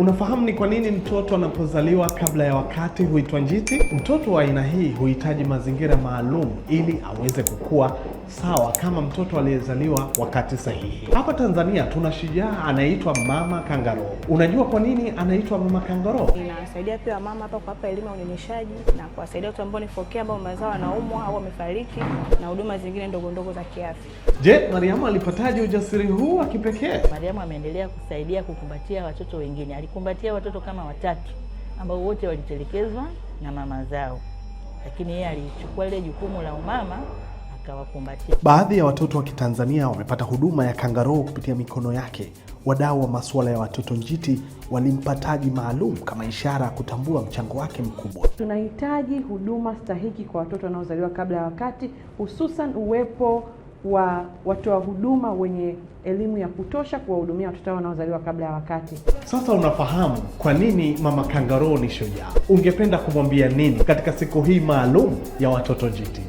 Unafahamu ni kwa nini mtoto anapozaliwa kabla ya wakati huitwa njiti? Mtoto wa aina hii huhitaji mazingira maalum ili aweze kukua sawa kama mtoto aliyezaliwa wakati sahihi. Hapa Tanzania tuna shujaa anaitwa mama kangaroo. Unajua kwa nini anaitwa mama kangaroo? Inasaidia pia wamama hapa kuwapa elimu ya unyonyeshaji na kuwasaidia watu ambao ni ambao mazao wanaumwa au wamefariki, na huduma zingine ndogo ndogo za kiafya. Je, Mariamu alipataje ujasiri huu wa kipekee? Mariamu ameendelea kusaidia kukumbatia watoto wengine alikumbatia watoto kama watatu ambao wote walitelekezwa na mama zao, lakini yeye alichukua lile jukumu la umama akawakumbatia. Baadhi ya watoto wa Kitanzania wamepata huduma ya kangaroo kupitia mikono yake. Wadau wa masuala ya watoto njiti walimpa taji maalum kama ishara ya kutambua mchango wake mkubwa. Tunahitaji huduma stahiki kwa watoto wanaozaliwa kabla ya wakati, hususan uwepo wa watoa huduma wenye elimu ya kutosha kuwahudumia watoto wanaozaliwa kabla ya wakati. Sasa unafahamu kwa nini mama kangaroo ni shujaa. Ungependa kumwambia nini katika siku hii maalum ya watoto njiti?